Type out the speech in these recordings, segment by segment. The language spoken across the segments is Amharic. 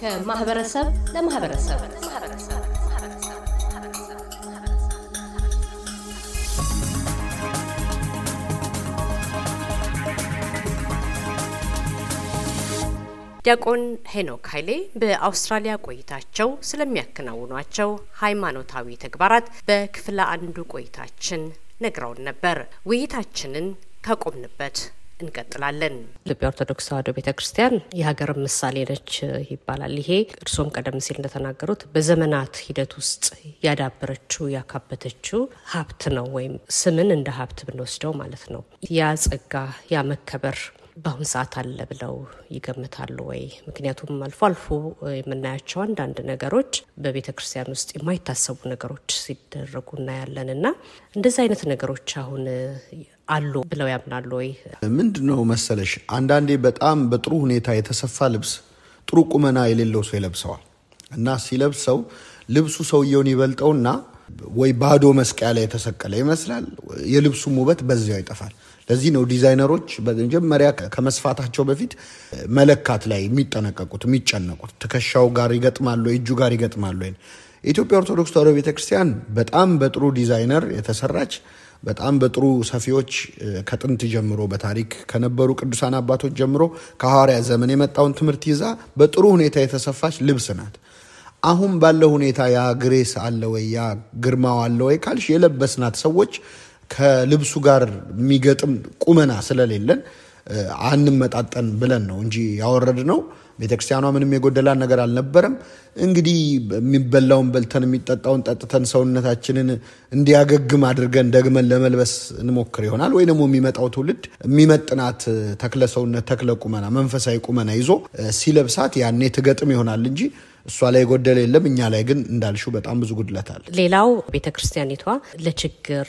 ከማህበረሰብ ለማህበረሰብ ዲያቆን ሄኖክ ኃይሌ በአውስትራሊያ ቆይታቸው ስለሚያከናውኗቸው ሃይማኖታዊ ተግባራት በክፍለ አንዱ ቆይታችን ነግረውን ነበር። ውይይታችንን ከቆምንበት እንቀጥላለን። ኢትዮጵያ ኦርቶዶክስ ተዋሕዶ ቤተ ክርስቲያን የሀገር ምሳሌ ነች ይባላል። ይሄ እርሶም ቀደም ሲል እንደተናገሩት በዘመናት ሂደት ውስጥ ያዳበረችው ያካበተችው ሀብት ነው፣ ወይም ስምን እንደ ሀብት ብንወስደው ማለት ነው። ያ ጸጋ ያ መከበር በአሁን ሰዓት አለ ብለው ይገምታሉ ወይ? ምክንያቱም አልፎ አልፎ የምናያቸው አንዳንድ ነገሮች በቤተ ክርስቲያን ውስጥ የማይታሰቡ ነገሮች ሲደረጉ እናያለን እና እንደዚህ አይነት ነገሮች አሁን አሉ ብለው ያምናሉ ወይ? ምንድን ነው መሰለሽ አንዳንዴ በጣም በጥሩ ሁኔታ የተሰፋ ልብስ ጥሩ ቁመና የሌለው ሰው ይለብሰዋል እና ሲለብሰው ልብሱ ሰውየውን ይበልጠውና ወይ ባዶ መስቀያ ላይ የተሰቀለ ይመስላል። የልብሱም ውበት በዚያው ይጠፋል። ለዚህ ነው ዲዛይነሮች በመጀመሪያ ከመስፋታቸው በፊት መለካት ላይ የሚጠነቀቁት የሚጨነቁት። ትከሻው ጋር ይገጥማሉ፣ እጁ ጋር ይገጥማሉ። የኢትዮጵያ ኦርቶዶክስ ተዋሕዶ ቤተክርስቲያን በጣም በጥሩ ዲዛይነር የተሰራች በጣም በጥሩ ሰፊዎች ከጥንት ጀምሮ በታሪክ ከነበሩ ቅዱሳን አባቶች ጀምሮ ከሐዋርያ ዘመን የመጣውን ትምህርት ይዛ በጥሩ ሁኔታ የተሰፋች ልብስ ናት። አሁን ባለው ሁኔታ ያ ግሬስ አለ ወይ ያ ግርማው አለ ወይ ካልሽ የለበስናት ሰዎች ከልብሱ ጋር የሚገጥም ቁመና ስለሌለን አንመጣጠን ብለን ነው እንጂ ያወረድ ነው። ቤተክርስቲያኗ ምንም የጎደላን ነገር አልነበረም። እንግዲህ የሚበላውን በልተን የሚጠጣውን ጠጥተን ሰውነታችንን እንዲያገግም አድርገን ደግመን ለመልበስ እንሞክር ይሆናል ወይ ደግሞ የሚመጣው ትውልድ የሚመጥናት ተክለ ሰውነት፣ ተክለ ቁመና፣ መንፈሳዊ ቁመና ይዞ ሲለብሳት ያኔ ትገጥም ይሆናል እንጂ እሷ ላይ የጎደለ የለም። እኛ ላይ ግን እንዳልሹ በጣም ብዙ ጉድለት አለ። ሌላው ቤተ ክርስቲያኒቷ ለችግር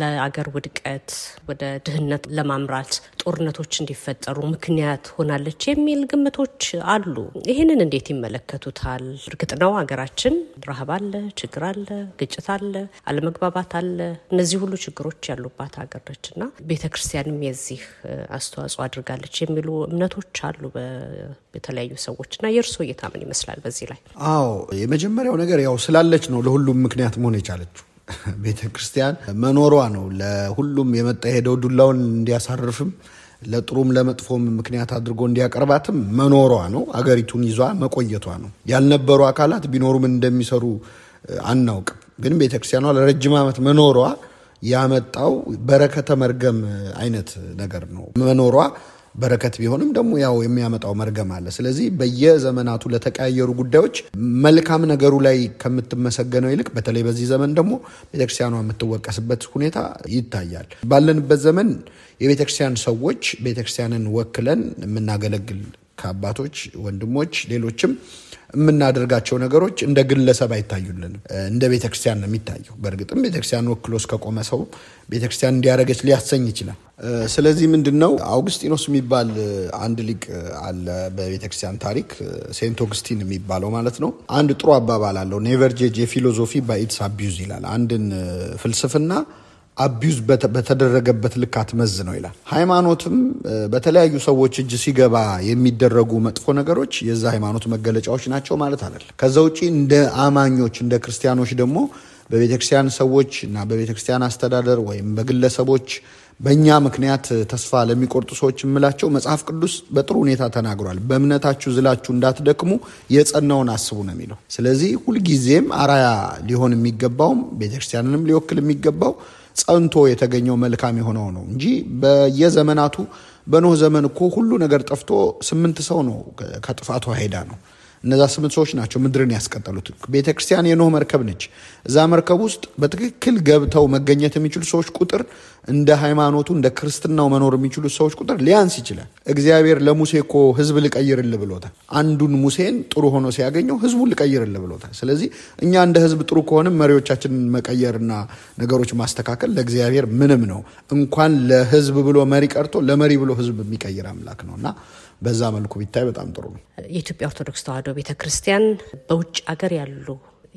ለአገር ውድቀት ወደ ድህነት ለማምራት ጦርነቶች እንዲፈጠሩ ምክንያት ሆናለች የሚል ግምቶች አሉ። ይህንን እንዴት ይመለከቱታል? እርግጥ ነው ሀገራችን ረሃብ አለ፣ ችግር አለ፣ ግጭት አለ፣ አለመግባባት አለ። እነዚህ ሁሉ ችግሮች ያሉባት ሀገር ነች እና ቤተ ክርስቲያንም የዚህ አስተዋጽኦ አድርጋለች የሚሉ እምነቶች አሉ በተለያዩ ሰዎች እና የእርስዎ እይታ ምን ይመስላል በዚህ ላይ? አዎ የመጀመሪያው ነገር ያው ስላለች ነው ለሁሉም ምክንያት መሆን የቻለችው ቤተ ክርስቲያን መኖሯ ነው። ለሁሉም የመጣ ሄደው ዱላውን እንዲያሳርፍም ለጥሩም ለመጥፎም ምክንያት አድርጎ እንዲያቀርባትም መኖሯ ነው። አገሪቱን ይዟ መቆየቷ ነው። ያልነበሩ አካላት ቢኖሩም እንደሚሰሩ አናውቅም። ግን ቤተ ክርስቲያኗ ለረጅም ዓመት መኖሯ ያመጣው በረከተ መርገም አይነት ነገር ነው መኖሯ በረከት ቢሆንም ደግሞ ያው የሚያመጣው መርገም አለ። ስለዚህ በየዘመናቱ ለተቀያየሩ ጉዳዮች መልካም ነገሩ ላይ ከምትመሰገነው ይልቅ በተለይ በዚህ ዘመን ደግሞ ቤተክርስቲያኗ የምትወቀስበት ሁኔታ ይታያል። ባለንበት ዘመን የቤተክርስቲያን ሰዎች ቤተክርስቲያንን ወክለን የምናገለግል ከአባቶች ወንድሞች፣ ሌሎችም የምናደርጋቸው ነገሮች እንደ ግለሰብ አይታዩልንም። እንደ ቤተክርስቲያን ነው የሚታየው። በእርግጥም ቤተክርስቲያን ወክሎ እስከቆመ ሰው ቤተክርስቲያን እንዲያደረገች ሊያሰኝ ይችላል። ስለዚህ ምንድን ነው አውግስጢኖስ የሚባል አንድ ሊቅ አለ በቤተክርስቲያን ታሪክ፣ ሴንት ኦግስቲን የሚባለው ማለት ነው። አንድ ጥሩ አባባል አለው። ኔቨር ጄጅ የፊሎዞፊ ባይትስ አቢዩዝ ይላል። አንድን ፍልስፍና አቢዩዝ በተደረገበት ልክ አትመዝ ነው ይላል። ሃይማኖትም በተለያዩ ሰዎች እጅ ሲገባ የሚደረጉ መጥፎ ነገሮች የዛ ሃይማኖት መገለጫዎች ናቸው ማለት አለ። ከዛ ውጭ እንደ አማኞች እንደ ክርስቲያኖች ደግሞ በቤተክርስቲያን ሰዎች እና በቤተክርስቲያን አስተዳደር ወይም በግለሰቦች በእኛ ምክንያት ተስፋ ለሚቆርጡ ሰዎች የምላቸው መጽሐፍ ቅዱስ በጥሩ ሁኔታ ተናግሯል። በእምነታችሁ ዝላችሁ እንዳትደክሙ የጸናውን አስቡ ነው የሚለው። ስለዚህ ሁልጊዜም አራያ ሊሆን የሚገባውም ቤተክርስቲያንንም ሊወክል የሚገባው ጸንቶ የተገኘው መልካም የሆነው ነው እንጂ በየዘመናቱ በኖህ ዘመን እኮ ሁሉ ነገር ጠፍቶ ስምንት ሰው ነው ከጥፋቱ ሄዳ ነው እነዛ ስምንት ሰዎች ናቸው ምድርን ያስቀጠሉት። ቤተክርስቲያን የኖህ መርከብ ነች። እዛ መርከብ ውስጥ በትክክል ገብተው መገኘት የሚችሉ ሰዎች ቁጥር እንደ ሃይማኖቱ እንደ ክርስትናው መኖር የሚችሉ ሰዎች ቁጥር ሊያንስ ይችላል። እግዚአብሔር ለሙሴ እኮ ህዝብ ልቀይርል ብሎታል። አንዱን ሙሴን ጥሩ ሆኖ ሲያገኘው ህዝቡን ልቀይርል ብሎታል። ስለዚህ እኛ እንደ ህዝብ ጥሩ ከሆንም መሪዎቻችንን መቀየርና ነገሮች ማስተካከል ለእግዚአብሔር ምንም ነው። እንኳን ለህዝብ ብሎ መሪ ቀርቶ ለመሪ ብሎ ህዝብ የሚቀይር አምላክ ነውና በዛ መልኩ ቢታይ በጣም ጥሩ ነው። የኢትዮጵያ ኦርቶዶክስ ተዋሕዶ ቤተ ክርስቲያን በውጭ ሀገር ያሉ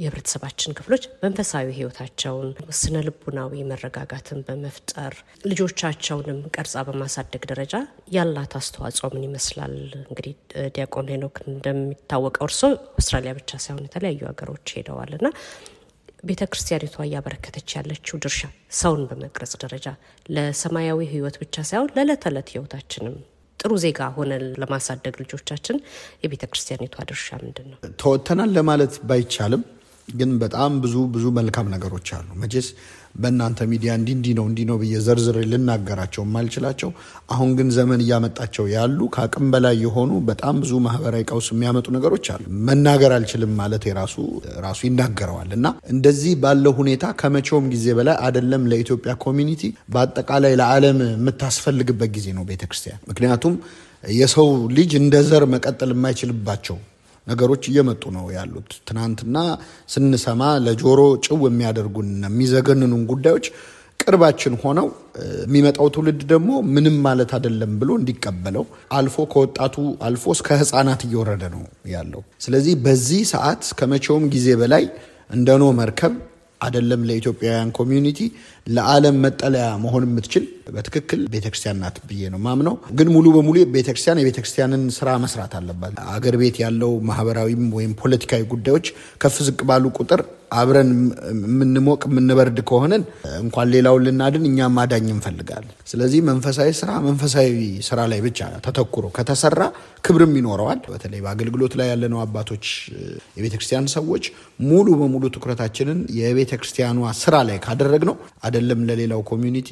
የህብረተሰባችን ክፍሎች መንፈሳዊ ህይወታቸውን ስነ ልቡናዊ መረጋጋትን በመፍጠር ልጆቻቸውንም ቀርጻ በማሳደግ ደረጃ ያላት አስተዋጽኦ ምን ይመስላል? እንግዲህ ዲያቆን ሄኖክ እንደሚታወቀው እርሶ አውስትራሊያ ብቻ ሳይሆን የተለያዩ ሀገሮች ሄደዋል እና ቤተ ክርስቲያኒቷ እያበረከተች ያለችው ድርሻ ሰውን በመቅረጽ ደረጃ ለሰማያዊ ህይወት ብቻ ሳይሆን ለዕለት ተዕለት ህይወታችንም ጥሩ ዜጋ ሆነን ለማሳደግ ልጆቻችን የቤተ ክርስቲያኒቷ ድርሻ ምንድን ነው? ተወተናል ለማለት ባይቻልም ግን በጣም ብዙ ብዙ መልካም ነገሮች አሉ። መቼስ በእናንተ ሚዲያ እንዲ እንዲ ነው እንዲ ነው ብዬ ዘርዝር ልናገራቸው ማልችላቸው፣ አሁን ግን ዘመን እያመጣቸው ያሉ ከአቅም በላይ የሆኑ በጣም ብዙ ማህበራዊ ቀውስ የሚያመጡ ነገሮች አሉ። መናገር አልችልም ማለት የራሱ ራሱ ይናገረዋል። እና እንደዚህ ባለው ሁኔታ ከመቼውም ጊዜ በላይ አይደለም ለኢትዮጵያ ኮሚኒቲ በአጠቃላይ ለዓለም የምታስፈልግበት ጊዜ ነው ቤተክርስቲያን። ምክንያቱም የሰው ልጅ እንደ ዘር መቀጠል የማይችልባቸው ነገሮች እየመጡ ነው ያሉት። ትናንትና ስንሰማ ለጆሮ ጭው የሚያደርጉንና የሚዘገንኑን ጉዳዮች ቅርባችን ሆነው የሚመጣው ትውልድ ደግሞ ምንም ማለት አይደለም ብሎ እንዲቀበለው አልፎ ከወጣቱ አልፎ እስከ ህፃናት እየወረደ ነው ያለው። ስለዚህ በዚህ ሰዓት ከመቼውም ጊዜ በላይ እንደኖ መርከብ አደለም ለኢትዮጵያውያን ኮሚዩኒቲ ለዓለም መጠለያ መሆን የምትችል በትክክል ቤተክርስቲያን ናት ብዬ ነው ማምነው። ግን ሙሉ በሙሉ ቤተክርስቲያን የቤተክርስቲያንን ስራ መስራት አለባት። አገር ቤት ያለው ማህበራዊም ወይም ፖለቲካዊ ጉዳዮች ከፍ ዝቅ ባሉ ቁጥር አብረን የምንሞቅ የምንበርድ ከሆነን እንኳን ሌላውን ልናድን እኛም ማዳኝ እንፈልጋለን። ስለዚህ መንፈሳዊ ስራ መንፈሳዊ ስራ ላይ ብቻ ተተኩሮ ከተሰራ ክብርም ይኖረዋል። በተለይ በአገልግሎት ላይ ያለነው አባቶች፣ የቤተ ክርስቲያን ሰዎች ሙሉ በሙሉ ትኩረታችንን የቤተ ክርስቲያኗ ስራ ላይ ነው አይደለም ለሌላው ኮሚዩኒቲ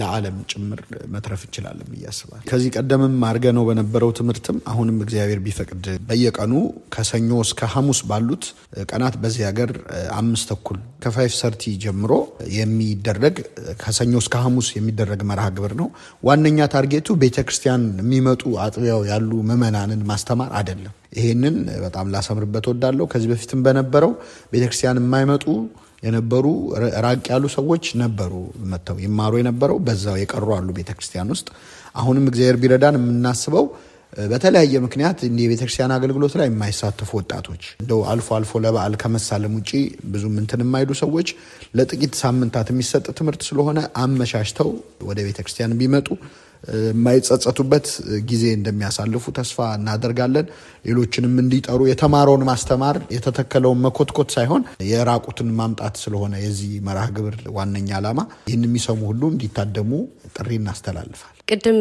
ለዓለም ጭምር መትረፍ እንችላለን ብዬ አስባለሁ። ከዚህ ቀደምም አድርገነው በነበረው ትምህርትም አሁንም እግዚአብሔር ቢፈቅድ በየቀኑ ከሰኞ እስከ ሐሙስ ባሉት ቀናት በዚህ ሀገር አምስት ተኩል ከፋይቭ ሰርቲ ጀምሮ የሚደረግ ከሰኞ እስከ ሐሙስ የሚደረግ መርሃ ግብር ነው። ዋነኛ ታርጌቱ ቤተ ክርስቲያን የሚመጡ አጥቢያው ያሉ ምዕመናንን ማስተማር አይደለም። ይሄንን በጣም ላሰምርበት ወዳለው ከዚህ በፊትም በነበረው ቤተ ክርስቲያን የማይመጡ የነበሩ ራቅ ያሉ ሰዎች ነበሩ መጥተው ይማሩ የነበረው በዛው የቀሩ አሉ ቤተ ክርስቲያን ውስጥ። አሁንም እግዚአብሔር ቢረዳን የምናስበው በተለያየ ምክንያት እንዲህ የቤተክርስቲያን አገልግሎት ላይ የማይሳተፉ ወጣቶች እንደው አልፎ አልፎ ለበዓል ከመሳለም ውጭ ብዙ ምንትን የማይሉ ሰዎች ለጥቂት ሳምንታት የሚሰጥ ትምህርት ስለሆነ አመቻችተው ወደ ቤተክርስቲያን ቢመጡ የማይጸጸቱበት ጊዜ እንደሚያሳልፉ ተስፋ እናደርጋለን። ሌሎችንም እንዲጠሩ የተማረውን ማስተማር የተተከለውን መኮትኮት ሳይሆን የራቁትን ማምጣት ስለሆነ የዚህ መርሃ ግብር ዋነኛ ዓላማ ይህን የሚሰሙ ሁሉ እንዲታደሙ ጥሪ እናስተላልፋል። ቅድም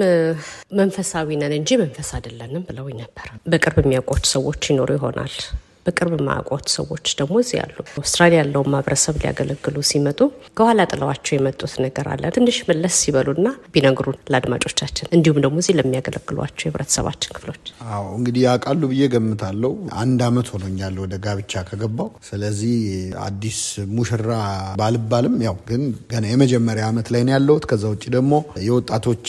መንፈሳዊ ነን እንጂ መንፈስ አይደለንም ብለውኝ ነበር። በቅርብ የሚያውቋቸው ሰዎች ይኖሩ ይሆናል በቅርብ ማዕቆት ሰዎች ደግሞ እዚህ ያሉ አውስትራሊያ ያለውን ማህበረሰብ ሊያገለግሉ ሲመጡ ከኋላ ጥለዋቸው የመጡት ነገር አለ። ትንሽ መለስ ሲበሉና ቢነግሩን ለአድማጮቻችን፣ እንዲሁም ደግሞ እዚህ ለሚያገለግሏቸው የህብረተሰባችን ክፍሎች። አዎ እንግዲህ ያውቃሉ ብዬ ገምታለሁ። አንድ አመት ሆኖኛል ወደ ጋብቻ ከገባው። ስለዚህ አዲስ ሙሽራ ባልባልም ያው ግን ገና የመጀመሪያ አመት ላይ ነው ያለሁት። ከዛ ውጭ ደግሞ የወጣቶች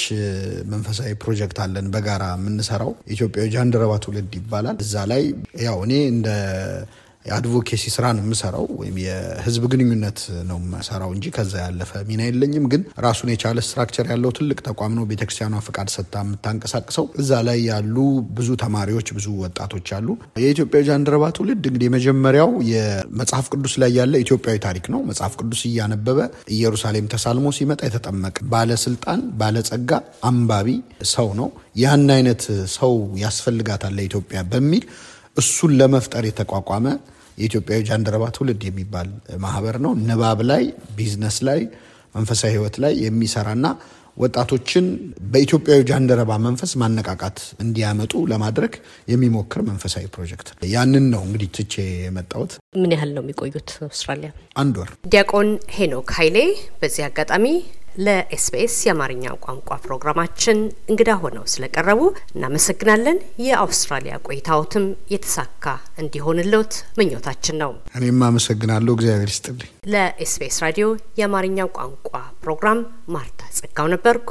መንፈሳዊ ፕሮጀክት አለን በጋራ የምንሰራው ኢትዮጵያ ጃንደረባ ትውልድ ይባላል። እዛ ላይ ያው እኔ እንደ የአድቮኬሲ ስራ ነው የምሰራው ወይም የህዝብ ግንኙነት ነው የምሰራው እንጂ ከዛ ያለፈ ሚና የለኝም። ግን ራሱን የቻለ ስትራክቸር ያለው ትልቅ ተቋም ነው ቤተክርስቲያኗ ፍቃድ ሰጥታ የምታንቀሳቅሰው። እዛ ላይ ያሉ ብዙ ተማሪዎች፣ ብዙ ወጣቶች አሉ። የኢትዮጵያ ጃንደረባ ትውልድ እንግዲህ የመጀመሪያው የመጽሐፍ ቅዱስ ላይ ያለ ኢትዮጵያዊ ታሪክ ነው። መጽሐፍ ቅዱስ እያነበበ ኢየሩሳሌም ተሳልሞ ሲመጣ የተጠመቀ ባለስልጣን፣ ባለጸጋ፣ አንባቢ ሰው ነው። ያን አይነት ሰው ያስፈልጋታል ለኢትዮጵያ በሚል እሱን ለመፍጠር የተቋቋመ የኢትዮጵያዊ ጃንደረባ ትውልድ የሚባል ማህበር ነው። ንባብ ላይ፣ ቢዝነስ ላይ፣ መንፈሳዊ ህይወት ላይ የሚሰራና ወጣቶችን በኢትዮጵያዊ ጃንደረባ መንፈስ ማነቃቃት እንዲያመጡ ለማድረግ የሚሞክር መንፈሳዊ ፕሮጀክት ነው። ያንን ነው እንግዲህ ትቼ የመጣሁት። ምን ያህል ነው የሚቆዩት አውስትራሊያ? አንድ ወር። ዲያቆን ሄኖክ ኃይሌ በዚህ አጋጣሚ ለኤስቢኤስ የአማርኛ ቋንቋ ፕሮግራማችን እንግዳ ሆነው ስለቀረቡ እናመሰግናለን። የአውስትራሊያ ቆይታዎትም የተሳካ እንዲሆንለት ምኞታችን ነው። እኔም አመሰግናለሁ። እግዚአብሔር ይስጥልኝ። ለኤስቢኤስ ራዲዮ የአማርኛ ቋንቋ ፕሮግራም ማርታ ጸጋው ነበርኩ።